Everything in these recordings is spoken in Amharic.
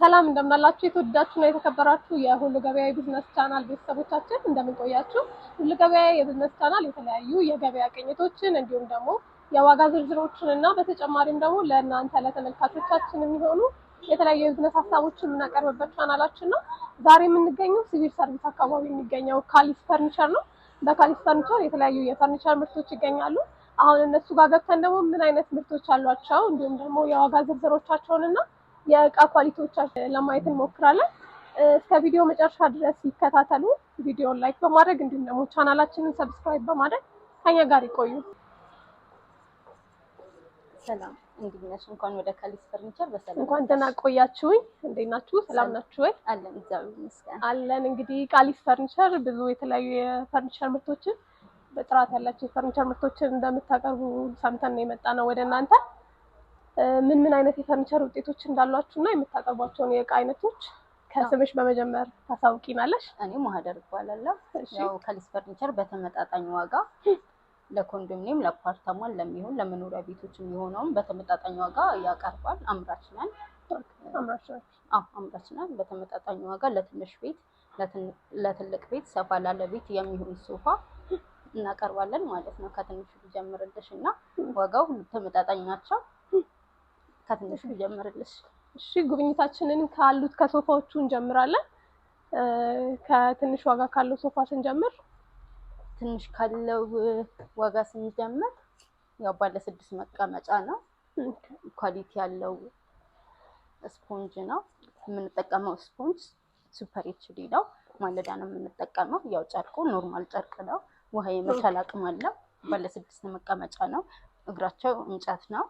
ሰላም እንደምናላችሁ የተወደዳችሁ እና የተከበራችሁ የሁሉ ገበያ የቢዝነስ ቻናል ቤተሰቦቻችን እንደምንቆያችሁ። ሁሉ ገበያ የቢዝነስ ቻናል የተለያዩ የገበያ ቅኝቶችን እንዲሁም ደግሞ የዋጋ ዝርዝሮችን እና በተጨማሪም ደግሞ ለእናንተ ለተመልካቾቻችን የሚሆኑ የተለያዩ የቢዝነስ ሀሳቦችን የምናቀርብበት ቻናላችን ነው። ዛሬ የምንገኘው ሲቪል ሰርቪስ አካባቢ የሚገኘው ካሊስ ፈርኒቸር ነው። በካሊስ ፈርኒቸር የተለያዩ የፈርኒቸር ምርቶች ይገኛሉ። አሁን እነሱ ጋር ገብተን ደግሞ ምን አይነት ምርቶች አሏቸው እንዲሁም ደግሞ የዋጋ ዝርዝሮቻቸውን እና የእቃ ኳሊቲዎቻችን ለማየት እንሞክራለን። እስከ ቪዲዮ መጨረሻ ድረስ ይከታተሉ። ቪዲዮን ላይክ በማድረግ እንዲሁም ደግሞ ቻናላችንን ሰብስክራይብ በማድረግ ከኛ ጋር ይቆዩ። ሰላም እንዴት ነሽ? እንኳን ወደ ካሊስ ፈርኒቸር በሰላም እንኳን ደህና ቆያችሁኝ። እንዴት ናችሁ? ሰላም ናችሁ ወይ? አለን እግዚአብሔር ይመስገን አለን። እንግዲህ ካሊስ ፈርኒቸር ብዙ የተለያዩ የፈርኒቸር ምርቶችን በጥራት ያላቸው የፈርኒቸር ምርቶችን እንደምታቀርቡ ሰምተን ነው የመጣ ነው ወደ እናንተ ምን ምን አይነት የፈርኒቸር ውጤቶች እንዳሏችሁ እና የምታቀርቧቸውን የእቃ አይነቶች ከስምሽ በመጀመር ታሳውቂ ታሳውቂናለሽ። እኔ ማህደር እባላለሁ። ያው ከሊስ ፈርኒቸር በተመጣጣኝ ዋጋ ለኮንዶሚኒየም፣ ለአፓርታማን ለሚሆን ለመኖሪያ ቤቶች የሚሆነውም በተመጣጣኝ ዋጋ ያቀርባል። አምራች ነን። አዎ አምራች ነን። በተመጣጣኝ ዋጋ ለትንሽ ቤት፣ ለትልቅ ቤት፣ ሰፋ ላለ ቤት የሚሆን ሶፋ እናቀርባለን ማለት ነው። ከትንሹ ጀምርልሽ እና ዋጋው ተመጣጣኝ ናቸው። ከትንሹ ጀምርልሽ። እሺ ጉብኝታችንን ካሉት ከሶፋዎቹ እንጀምራለን። ከትንሽ ዋጋ ካለው ሶፋ ስንጀምር ትንሽ ካለው ዋጋ ስንጀምር ያው ባለ ስድስት መቀመጫ ነው። ኳሊቲ ያለው ስፖንጅ ነው የምንጠቀመው። ስፖንጅ ሱፐር ኤችዲ ነው። ማለዳ ነው የምንጠቀመው። ያው ጨርቁ ኖርማል ጨርቅ ነው። ውሃ የመቻል አቅም አለው። ባለ ስድስት መቀመጫ ነው። እግራቸው እንጨት ነው።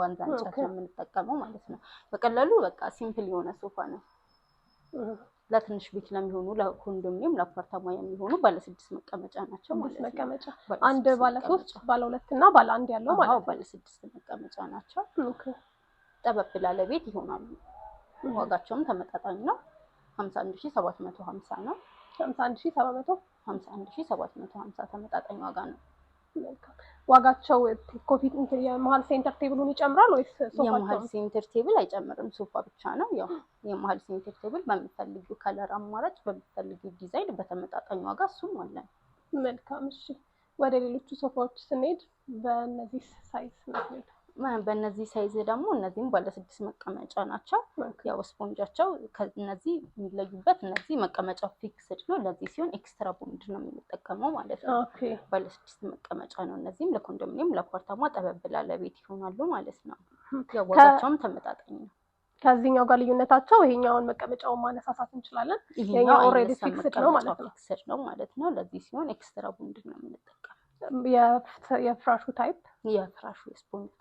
ዋንዛ እንጨት ነው የምንጠቀመው ማለት ነው። በቀላሉ በቃ ሲምፕል የሆነ ሶፋ ነው። ለትንሽ ቤት ለሚሆኑ ለኮንዶሚኒየም፣ ለአፓርታማ የሚሆኑ ባለ ስድስት መቀመጫ ናቸው ማለት ነው። መቀመጫ አንድ ባለ ሶስት፣ ባለ ሁለት እና ባለ አንድ ያለው ማለት ነው። ባለ ስድስት መቀመጫ ናቸው። ጠበብ ላለ ቤት ይሆናሉ። ዋጋቸውም ተመጣጣኝ ነው። 51750 ነው። 51750 ተመጣጣኝ ዋጋ ነው። ዋጋቸው ኮፊ የመሀል ሴንተር ቴብሉን ይጨምራል ወይስ የመሀል ሴንተር ቴብል አይጨምርም? ሶፋ ብቻ ነው። ያው የመሀል ሴንተር ቴብል በሚፈልጉ ከለር አማራጭ፣ በሚፈልጉ ዲዛይን በተመጣጣኝ ዋጋ እሱም አለን። መልካም። እሺ፣ ወደ ሌሎቹ ሶፋዎች ስንሄድ በእነዚህ ሳይዝ ነው በእነዚህ ሳይዝ ደግሞ እነዚህም ባለስድስት መቀመጫ ናቸው። ያው ስፖንጃቸው ከእነዚህ የሚለዩበት እነዚህ መቀመጫ ፊክስድ ነው። ለዚህ ሲሆን ኤክስትራ ቦንድ ነው የምንጠቀመው ማለት ነው። ባለስድስት መቀመጫ ነው። እነዚህም ለኮንዶሚኒየም ለአፓርታማ ጠበብ ላለ ቤት ይሆናሉ ማለት ነው። ዋጋቸውም ተመጣጣኝ ነው። ከዚህኛው ጋር ልዩነታቸው ይሄኛውን መቀመጫውን ማነሳሳት እንችላለን። ይሄኛው ኦልሬዲ ፊክስድ ነው ማለት ነው። ለዚህ ሲሆን ኤክስትራ ቦንድ ነው የምንጠቀመው የፍራሹ ታይፕ የፍራሹ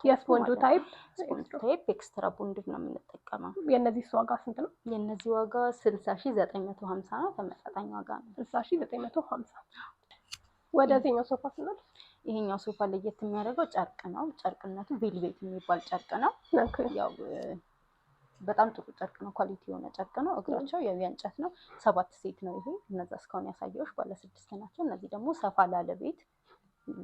የስፖንጁ ታይፕ ስፖንጁ ታይፕ ኤክስትራ ቦንድድ ነው የምንጠቀመው። የእነዚህ ዋጋ ስንት ነው? የእነዚህ ዋጋ ስልሳ ሺ ዘጠኝ መቶ ሀምሳ ነው። ተመጣጣኝ ዋጋ ነው። ስልሳ ሺ ዘጠኝ መቶ ሀምሳ ወደዚህኛው ሶፋ ስናል ይሄኛው ሶፋ ለየት የሚያደርገው ጨርቅ ነው። ጨርቅነቱ ቬልቬት የሚባል ጨርቅ ነው። ያው በጣም ጥሩ ጨርቅ ነው። ኳሊቲ የሆነ ጨርቅ ነው። እግራቸው ያው የእንጨት ነው። ሰባት ሴት ነው ይሄ። እነዛ እስካሁን ያሳየሁሽ ባለስድስት ናቸው። እነዚህ ደግሞ ሰፋ ላለ ቤት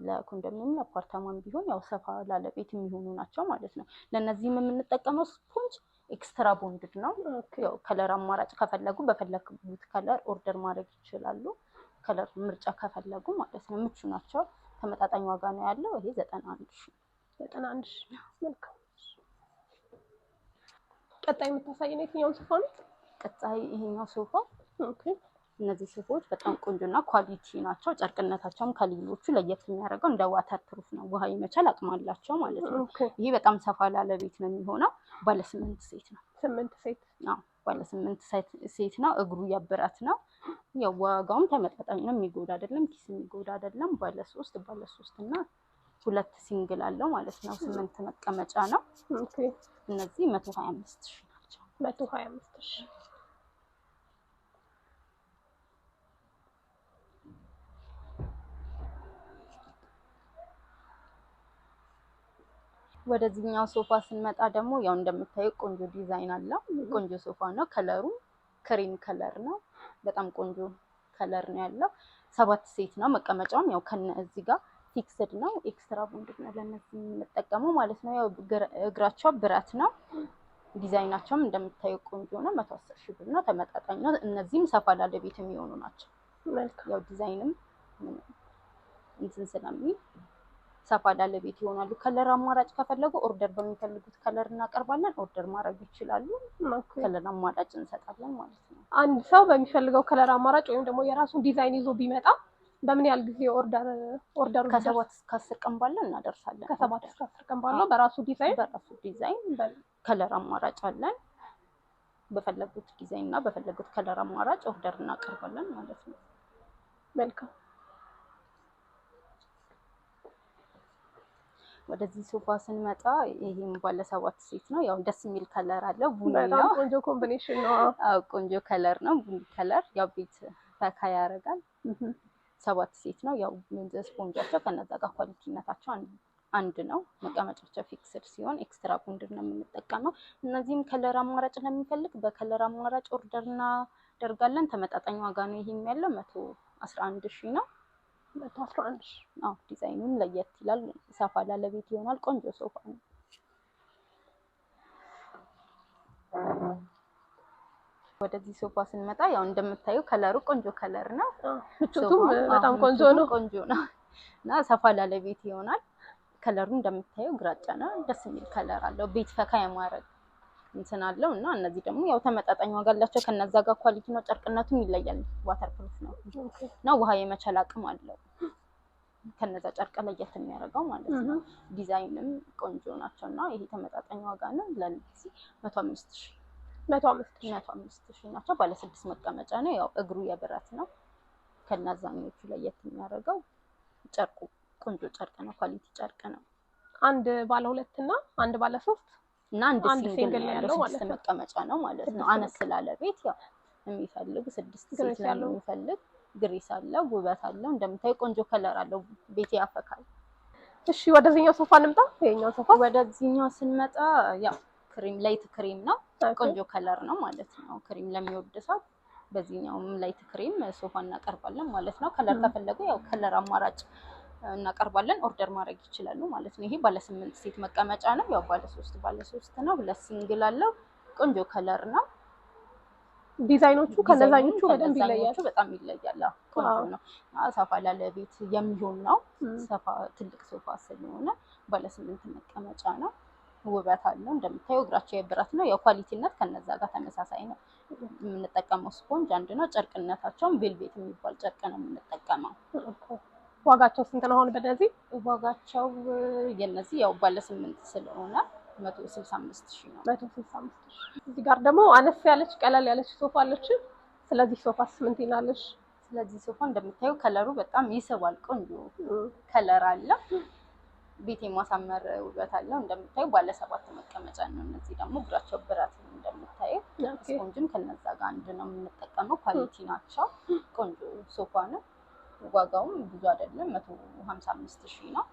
ለኮንዶሚኒየም ለአፓርታማም ቢሆን ያው ሰፋ ላለ ቤት የሚሆኑ ናቸው ማለት ነው። ለእነዚህም የምንጠቀመው ስፖንጅ ኤክስትራ ቦንድድ ነው። ያው ከለር አማራጭ ከፈለጉ በፈለጉት ከለር ኦርደር ማድረግ ይችላሉ። ከለር ምርጫ ከፈለጉ ማለት ነው። ምቹ ናቸው። ተመጣጣኝ ዋጋ ነው ያለው። ይሄ ዘጠና አንድ ሺ ዘጠና አንድ ሺ መልካም። ቀጣይ የምታሳየን የትኛውን ሶፋ ነው? ቀጣይ ይሄኛው ሶፋ እነዚህ ሱፎች በጣም ቆንጆና ኳሊቲ ናቸው። ጨርቅነታቸውም ከሌሎቹ ለየት የሚያደርገው እንደ ዋተር ፕሩፍ ነው፣ ውሃ የመቻል አቅም አላቸው ማለት ነው። ይሄ በጣም ሰፋ ላለ ቤት ነው የሚሆነው። ባለ ስምንት ሴት ነው። ስምንት ሴት ነው፣ ባለ ስምንት ሴት ነው። እግሩ የብረት ነው። ያው ዋጋውም ተመጣጣኝ ነው። የሚጎዳ አይደለም፣ ኪስ የሚጎዳ አይደለም። ባለ ሶስት ባለ ሶስት እና ሁለት ሲንግል አለው ማለት ነው። ስምንት መቀመጫ ነው። እነዚህ መቶ ሀያ አምስት ሺ ናቸው። መቶ ሀያ አምስት ሺ ወደዚህኛው ሶፋ ስንመጣ ደግሞ ያው እንደምታየው ቆንጆ ዲዛይን አለው። ቆንጆ ሶፋ ነው። ከለሩ ክሪም ከለር ነው። በጣም ቆንጆ ከለር ነው ያለው። ሰባት ሴት ነው። መቀመጫውም ያው ከነ እዚህ ጋር ፊክስድ ነው። ኤክስትራ ቦንድ ነው ለእነዚህ የምንጠቀመው ማለት ነው። ያው እግራቸው ብረት ነው። ዲዛይናቸውም እንደምታየው ቆንጆ ነው። መቶ አስር ሺህ ብር ነው። ተመጣጣኝ ነው። እነዚህም ሰፋ ላለ ቤት የሚሆኑ ናቸው። ያው ዲዛይንም እንትን ስለሚል ሰፋ ላለ ቤት ይሆናሉ። ከለር አማራጭ ከፈለጉ ኦርደር በሚፈልጉት ከለር እናቀርባለን። ኦርደር ማድረግ ይችላሉ። ከለር አማራጭ እንሰጣለን ማለት ነው። አንድ ሰው በሚፈልገው ከለር አማራጭ ወይም ደግሞ የራሱን ዲዛይን ይዞ ቢመጣ በምን ያህል ጊዜ ኦርደር ኦርደሩ ከሰባት እስከ አስር ቀን ባለው እናደርሳለን። ከሰባት እስከ አስር ቀን ባለው በራሱ ዲዛይን በራሱ ዲዛይን ከለር አማራጭ አለን። በፈለጉት ዲዛይን እና በፈለጉት ከለር አማራጭ ኦርደር እናቀርባለን ማለት ነው። መልካም ወደዚህ ሶፋ ስንመጣ ይህ ባለ ሰባት ሴት ነው። ያው ደስ የሚል ከለር አለው። ቡኒ ነው። ቆንጆ ኮምቢኔሽን ነው። አዎ ቆንጆ ከለር ነው። ቡኒ ከለር ያው ቤት ፈካ ያደርጋል። ሰባት ሴት ነው። ያው ስፖንጃቸው ከነዛ ጋር ኳሊቲነታቸው አንድ ነው። መቀመጫቸው ፊክስድ ሲሆን ኤክስትራ ቁንድር ነው የምንጠቀመው። እነዚህም ከለር አማራጭ ለሚፈልግ በከለር አማራጭ ኦርደር እናደርጋለን። ተመጣጣኝ ዋጋ ነው። ይሄ ያለው መቶ አስራ አንድ ሺህ ነው። ሁለት አስራ አንድ አዎ ዲዛይኑም ለየት ይላል። ሰፋ ላለ ቤት ይሆናል። ቆንጆ ሶፋ ነው። ወደዚህ ሶፋ ስንመጣ ያው እንደምታዩ ከለሩ ቆንጆ ከለር ነው። ምቾቱም በጣም ቆንጆ ነው። ቆንጆ ነው እና ሰፋ ላለ ቤት ይሆናል። ከለሩ እንደምታዩ ግራጫ ነው። ደስ የሚል ከለር አለው። ቤት ፈካ የማረግ እንትን አለው እና እነዚህ ደግሞ ያው ተመጣጣኝ ዋጋ አላቸው። ከነዛ ጋር ኳሊቲ ነው፣ ጨርቅነቱም ይለያል። ዋተር ፕሩፍ ነው እና ውሃ የመቻል አቅም አለው። ከነዛ ጨርቅ ለየት የሚያደርገው ማለት ነው። ዲዛይንም ቆንጆ ናቸው እና ይሄ ተመጣጣኝ ዋጋ ነው። ለነዚህ መቶ አምስት ሺ መቶ አምስት ሺ ናቸው። ባለ ስድስት መቀመጫ ነው። ያው እግሩ የብረት ነው። ከነዛኞቹ ለየት የሚያደርገው ጨርቁ ቆንጆ ጨርቅ ነው። ኳሊቲ ጨርቅ ነው። አንድ ባለ ሁለት እና አንድ ባለ ሶስት እና አንድ ሲንግል ነው ያለው ማለት ነው። መቀመጫ ነው ማለት ነው። አነስ ስላለ ቤት ያው የሚፈልግ ስድስት ሴት ነው የሚፈልግ። ግሪስ አለው፣ ውበት አለው። እንደምታይ ቆንጆ ከለር አለው። ቤት ያፈካል። እሺ ወደዚህኛው ሶፋ እንምጣ። ይሄኛው ሶፋ ወደዚህኛው ስንመጣ ያው ክሪም ላይት ክሪም ነው። ቆንጆ ከለር ነው ማለት ነው። ክሪም ለሚወድ ሰው በዚህኛውም ላይት ክሪም ሶፋ እናቀርባለን ማለት ነው። ከለር ከፈለጉ ያው ከለር አማራጭ እናቀርባለን። ኦርደር ማድረግ ይችላሉ ማለት ነው። ይሄ ባለ ስምንት ሴት መቀመጫ ነው። ያው ባለ ሶስት ባለ ሶስት ነው። ሁለት ሲንግል አለው። ቆንጆ ከለር ነው። ዲዛይኖቹ ከነዛኞቹ በጣም ይለያሉ። በጣም ይለያል። ቆንጆ ነው። ሰፋ ላለ ቤት የሚሆን ነው። ሰፋ ትልቅ ሶፋ ስለሆነ ባለ ስምንት መቀመጫ ነው። ውበት አለው። እንደምታየው እግራቸው የብረት ነው። የኳሊቲነት ከነዛ ጋር ተመሳሳይ ነው። የምንጠቀመው ስፖንጅ አንድ ነው። ጨርቅነታቸውን ቬልቬት የሚባል ጨርቅ ነው የምንጠቀመው። ዋጋቸው ስንት ነው አሁን በእነዚህ? ዋጋቸው የነዚህ ያው ባለ ስምንት ስለሆነ መቶ ስልሳ አምስት ሺ ነው። መቶ ስልሳ አምስት ሺ እዚህ ጋር ደግሞ አነስ ያለች ቀለል ያለች ሶፋ አለች። ስለዚህ ሶፋ ስምንት ይላለች። ስለዚህ ሶፋ እንደምታዩ ከለሩ በጣም ይስባል። ቆንጆ ከለር አለ። ቤት የማሳመር ውበት አለው። እንደምታዩ ባለ ሰባት መቀመጫ ነው። እነዚህ ደግሞ እግራቸው ብረት ነው እንደምታዩ። ስፖንጅም ከነዛ ጋር አንድ ነው የምንጠቀመው። ኳሊቲ ናቸው። ቆንጆ ሶፋ ነው። ዋጋውም ብዙ አይደለም፣ መቶ ሀምሳ አምስት ሺህ ነው።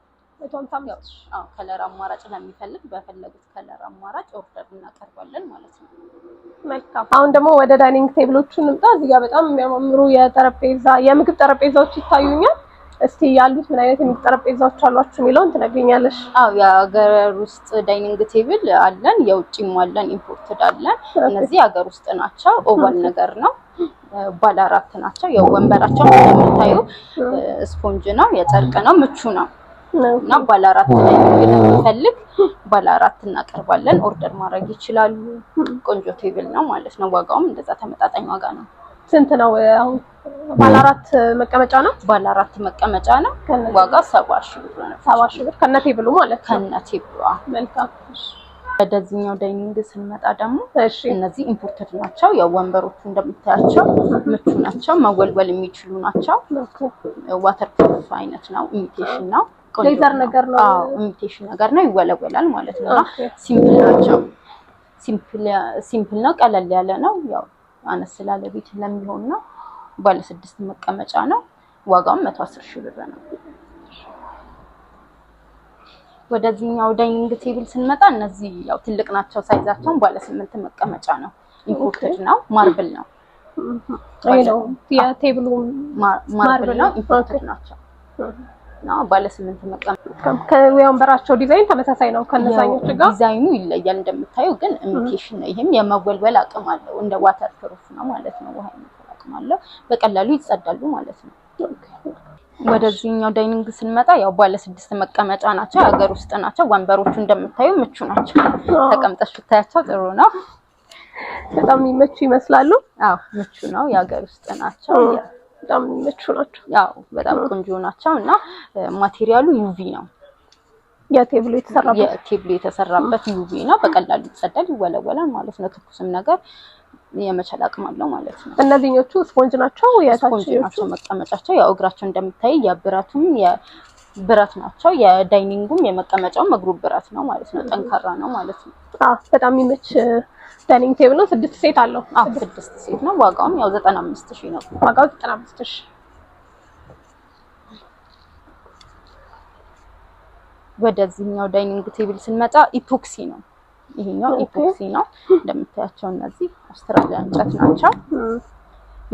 ከለር አማራጭ ለሚፈልግ በፈለጉት ከለር አማራጭ ኦርደር እናቀርባለን ማለት ነው። መልካም። አሁን ደግሞ ወደ ዳይኒንግ ቴብሎቹ እንምጣ። እዚህ ጋር በጣም የሚያማምሩ የጠረጴዛ የምግብ ጠረጴዛዎች ይታዩኛል። እስቲ ያሉት ምን አይነት የምግብ ጠረጴዛዎች አሏችሁ የሚለውን ትነግሪኛለሽ? አዎ የሀገር ውስጥ ዳይኒንግ ቴብል አለን፣ የውጭም አለን፣ ኢምፖርትድ አለን። እነዚህ ሀገር ውስጥ ናቸው። ኦቫል ነገር ነው ባለ አራት ናቸው። ያው ወንበራቸው እንደምታዩ ስፖንጅ ነው፣ የጨርቅ ነው፣ ምቹ ነው እና ባለ አራት ላይ ለሚፈልግ ባለ አራት እናቀርባለን። ኦርደር ማድረግ ይችላሉ። ቆንጆ ቴብል ነው ማለት ነው። ዋጋውም እንደዛ ተመጣጣኝ ዋጋ ነው። ስንት ነው አሁን? ባለ አራት መቀመጫ ነው። ባለ አራት መቀመጫ ነው። ዋጋ ሰባ ሺህ ብር ነው። ሰባ ሺህ ብር ከነ ቴብሉ ማለት ነው። ከነ ቴብሉ መልካም ወደዚህኛው ዳይኒንግ ስንመጣ ደግሞ እነዚህ ኢምፖርተድ ናቸው። ያው ወንበሮቹ እንደምታያቸው ምቹ ናቸው፣ መወልወል የሚችሉ ናቸው። ዋተር ፕሩፍ አይነት ነው፣ ኢሚቴሽን ነው፣ ሌዘር ነገር ነው፣ ኢሚቴሽን ነገር ነው። ይወለወላል ማለት ነው። ሲምፕል ናቸው። ሲምፕል ነው፣ ቀለል ያለ ነው። ያው አነስ ስላለ ቤት ለሚሆን ነው። ባለስድስት መቀመጫ ነው። ዋጋውም መቶ አስር ሺህ ብር ነው። ወደዚህኛው ዳይኒንግ ቴብል ስንመጣ እነዚህ ያው ትልቅ ናቸው ሳይዛቸውን ባለ ስምንት መቀመጫ ነው። ኢምፖርትድ ነው፣ ማርብል ነው። የቴብሉ ማርብል ነው፣ ኢምፖርትድ ናቸው ባለ ስምንት መቀመጫ የወንበራቸው ዲዛይን ተመሳሳይ ነው ከነዛኞች ጋር። ዲዛይኑ ይለያል እንደምታየው፣ ግን ኢሚቴሽን ነው። ይህም የመወልወል አቅም አለው። እንደ ዋተር ፕሩፍ ነው ማለት ነው። ውሃ አቅም አለው። በቀላሉ ይጸዳሉ ማለት ነው። ወደዚህኛው ዳይኒንግ ስንመጣ ያው ባለ ስድስት መቀመጫ ናቸው። የሀገር ውስጥ ናቸው። ወንበሮቹ እንደምታዩ ምቹ ናቸው። ተቀምጠሽ ብታያቸው ጥሩ ነው። በጣም የሚመቹ ይመስላሉ። አዎ ምቹ ነው። የሀገር ውስጥ ናቸው። በጣም የሚመቹ ናቸው። ያው በጣም ቆንጆ ናቸው እና ማቴሪያሉ ዩቪ ነው። የቴብሉ የተሰራበት የቴብሉ የተሰራበት ዩቪ ነው። በቀላሉ ይጸዳል፣ ይወለወላል ማለት ነው። ትኩስም ነገር የመቻል አቅም አለው ማለት ነው። እነዚህኞቹ ስፖንጅ ናቸው። ስፖንጅ ናቸው መቀመጫቸው። ያው እግራቸው እንደምታይ የብረቱም ብረት ናቸው። የዳይኒንጉም የመቀመጫውም እግሩ ብረት ነው ማለት ነው። ጠንካራ ነው ማለት ነው። አዎ በጣም የሚመች ዳይኒንግ ቴብል ነው። ስድስት ሴት አለው። ስድስት ሴት ነው። ዋጋውም ያው ዘጠና አምስት ሺህ ነው። ዋጋው ዘጠና አምስት ሺህ ወደዚህኛው ዳይኒንግ ቴብል ስንመጣ ኢፖክሲ ነው። ይሄኛው ኢፖክሲ ነው። እንደምታያቸው እነዚህ አውስትራሊያ እንጨት ናቸው።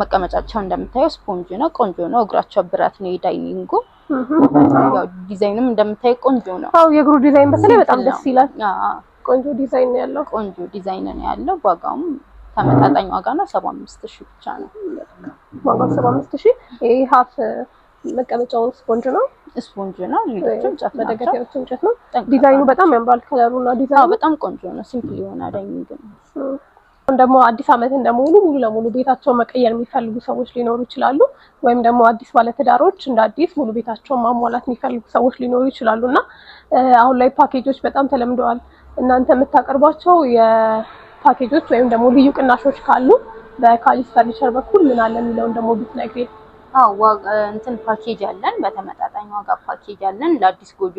መቀመጫቸው እንደምታየው ስፖንጅ ነው፣ ቆንጆ ነው። እግራቸው ብረት ነው። የዳይኒንጉ ያው ዲዛይንም እንደምታየ ቆንጆ ነው። አው የእግሩ ዲዛይን በተለይ በጣም ደስ ይላል። ቆንጆ ዲዛይን ነው ያለው። ቆንጆ ዲዛይን ነው ያለው። ዋጋውም ተመጣጣኝ ዋጋ ነው። 75000 ብቻ ነው ዋጋው ሰባ አምስት ሺህ ይሄ ሀፍ መቀመጫው ስፖንጅ ነው ስፖንጅ ነው። ሌሎችም ጫፍ መደገፊያዎች እንጨት ነው። ዲዛይኑ በጣም ያምራል። ከለሩ እና ዲዛይኑ በጣም ቆንጆ ነው። ሲምፕል የሆነ ዳይኒንግ ነው። ደግሞ አዲስ አመት እንደመሆኑ ሙሉ ለሙሉ ቤታቸውን መቀየር የሚፈልጉ ሰዎች ሊኖሩ ይችላሉ። ወይም ደግሞ አዲስ ባለትዳሮች እንደ አዲስ ሙሉ ቤታቸውን ማሟላት የሚፈልጉ ሰዎች ሊኖሩ ይችላሉ እና አሁን ላይ ፓኬጆች በጣም ተለምደዋል። እናንተ የምታቀርቧቸው የፓኬጆች ወይም ደግሞ ልዩ ቅናሾች ካሉ በካሊስ ፈርኒቸር በኩል ምን አለ የሚለውን ደግሞ ብትነግሪኝ እንትን ፓኬጅ አለን። በተመጣጣኝ ዋጋ ፓኬጅ አለን። ለአዲስ ጎጆ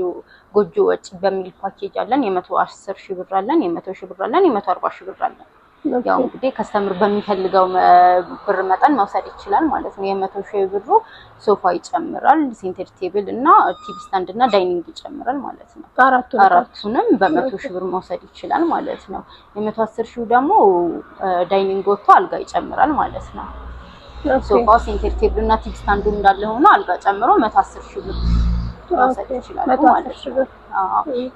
ጎጆ ወጪ በሚል ፓኬጅ አለን። የመቶ አስር ሺህ ብር አለን። የመቶ ሺህ ብር አለን። የመቶ አርባ ሺህ ብር አለን። ያው እንግዲህ ከስተምር በሚፈልገው ብር መጠን መውሰድ ይችላል ማለት ነው። የመቶ ሺህ ብሩ ሶፋ ይጨምራል፣ ሴንተር ቴብል እና ቲቪ ስታንድ እና ዳይኒንግ ይጨምራል ማለት ነው። አራቱንም በመቶ ሺህ ብር መውሰድ ይችላል ማለት ነው። የመቶ አስር ሺህ ደግሞ ዳይኒንግ ወጥቶ አልጋ ይጨምራል ማለት ነው። ሶፋው፣ ሴንተር ቴብሉ እና ቲቪ እንዳለ ሆኖ አልጋ ጨምሮ 110 ሺህ ብር መውሰድ ማለት ነው።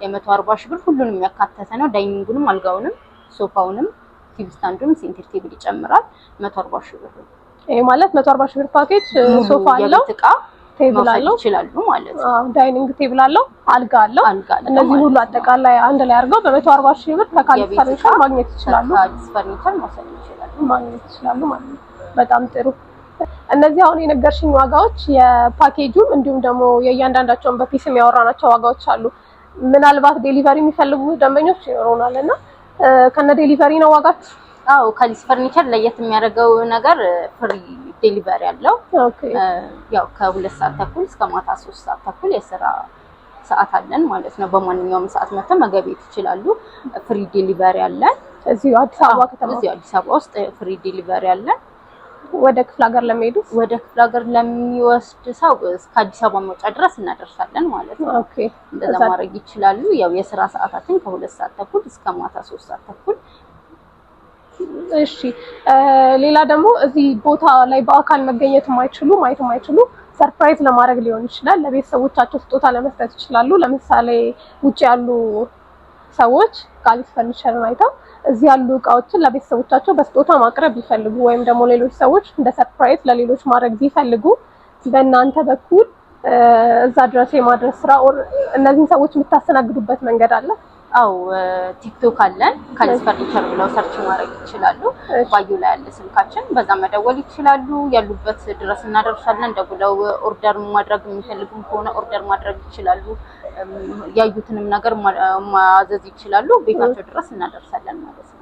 የመቶ አርባ ሺህ ብር ሁሉንም ያካተተ ነው። ዳይኒንጉንም፣ አልጋውንም፣ ሶፋውንም፣ ቲቪ ስታንዱንም ሴንተር ቴብል ይጨምራል። መቶ አርባ ሺህ ብር ይሄ ማለት መቶ አርባ ሺህ ብር ፓኬጅ ሶፋ አለው እቃ ቴብል አለው ይችላሉ ማለት ነው። ዳይኒንግ ቴብል አለው አልጋ አለው። እነዚህ ሁሉ አጠቃላይ አንድ ላይ አድርገው በመቶ አርባ ሺህ ብር ከካሊስ ፈርኒቸር ማግኘት ይችላሉ። ከካሊስ ፈርኒቸር ማግኘት ይችላሉ ማለት ነው። በጣም ጥሩ። እነዚህ አሁን የነገርሽኝ ዋጋዎች የፓኬጁም እንዲሁም ደግሞ የእያንዳንዳቸውን በፒስም ያወራናቸው ዋጋዎች አሉ። ምናልባት ዴሊቨሪ የሚፈልጉ ደንበኞች ይኖሩናል እና ከነ ዴሊቨሪ ነው ዋጋችሁ? አዎ ከሊስ ፈርኒቸር ለየት የሚያደርገው ነገር ፍሪ ዴሊቨሪ አለው። ያው ከሁለት ሰዓት ተኩል እስከ ማታ ሶስት ሰዓት ተኩል የስራ ሰዓት አለን ማለት ነው። በማንኛውም ሰዓት መጥተው መገቤት ይችላሉ። ፍሪ ዴሊቨሪ አለን። እዚሁ አዲስ አበባ ከተማ እዚሁ አዲስ አበባ ውስጥ ፍሪ ዴሊቨሪ አለን። ወደ ክፍለ ሀገር ለሚሄዱ ወደ ክፍለ ሀገር ለሚወስድ ሰው እስከ አዲስ አበባ መውጫ ድረስ እናደርሳለን ማለት ነው። ኦኬ እንደዛ ማድረግ ይችላሉ። ያው የስራ ሰዓታችን ከሁለት ሰዓት ተኩል እስከ ማታ ሶስት ሰዓት ተኩል እሺ። ሌላ ደግሞ እዚህ ቦታ ላይ በአካል መገኘት የማይችሉ ማየት የማይችሉ ሰርፕራይዝ ለማድረግ ሊሆን ይችላል። ለቤተሰቦቻቸው ስጦታ ለመስጠት ይችላሉ። ለምሳሌ ውጭ ያሉ ሰዎች ቃሊቲ ፈርኒቸርን አይተው እዚህ ያሉ እቃዎችን ለቤተሰቦቻቸው በስጦታ ማቅረብ ቢፈልጉ ወይም ደግሞ ሌሎች ሰዎች እንደ ሰርፕራይዝ ለሌሎች ማድረግ ቢፈልጉ በእናንተ በኩል እዛ ድረስ የማድረስ ስራ እነዚህን ሰዎች የምታስተናግዱበት መንገድ አለ። አው ቲክቶክ አለን። ከለስ ፈርኒቸር ብለው ሰርች ማድረግ ይችላሉ። ባዩ ላይ ያለ ስልካችን፣ በዛ መደወል ይችላሉ። ያሉበት ድረስ እናደርሳለን። ደውለው ኦርደር ማድረግ የሚፈልጉም ከሆነ ኦርደር ማድረግ ይችላሉ። ያዩትንም ነገር ማዘዝ ይችላሉ። ቤታቸው ድረስ እናደርሳለን ማለት ነው።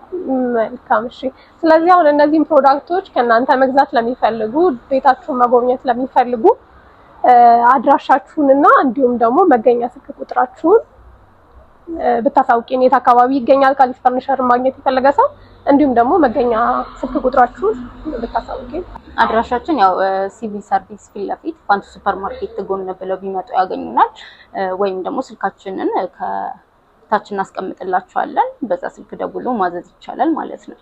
መልካም እሺ። ስለዚህ አሁን እነዚህም ፕሮዳክቶች ከእናንተ መግዛት ለሚፈልጉ ቤታችሁን መጎብኘት ለሚፈልጉ አድራሻችሁንና እንዲሁም ደግሞ መገኛ ስልክ ቁጥራችሁን ብታሳውቂን የት አካባቢ ይገኛል ካሊስ ፈርኒቸር ማግኘት የፈለገ ሰው እንዲሁም ደግሞ መገኛ ስልክ ቁጥራችሁን ብታሳውቂን። አድራሻችን ያው ሲቪል ሰርቪስ ፊት ለፊት ፋንቱ ሱፐር ማርኬት ጎን ብለው ቢመጡ ያገኙናል። ወይም ደግሞ ስልካችንን ከታች እናስቀምጥላችኋለን። በዛ ስልክ ደውሎ ማዘዝ ይቻላል ማለት ነው።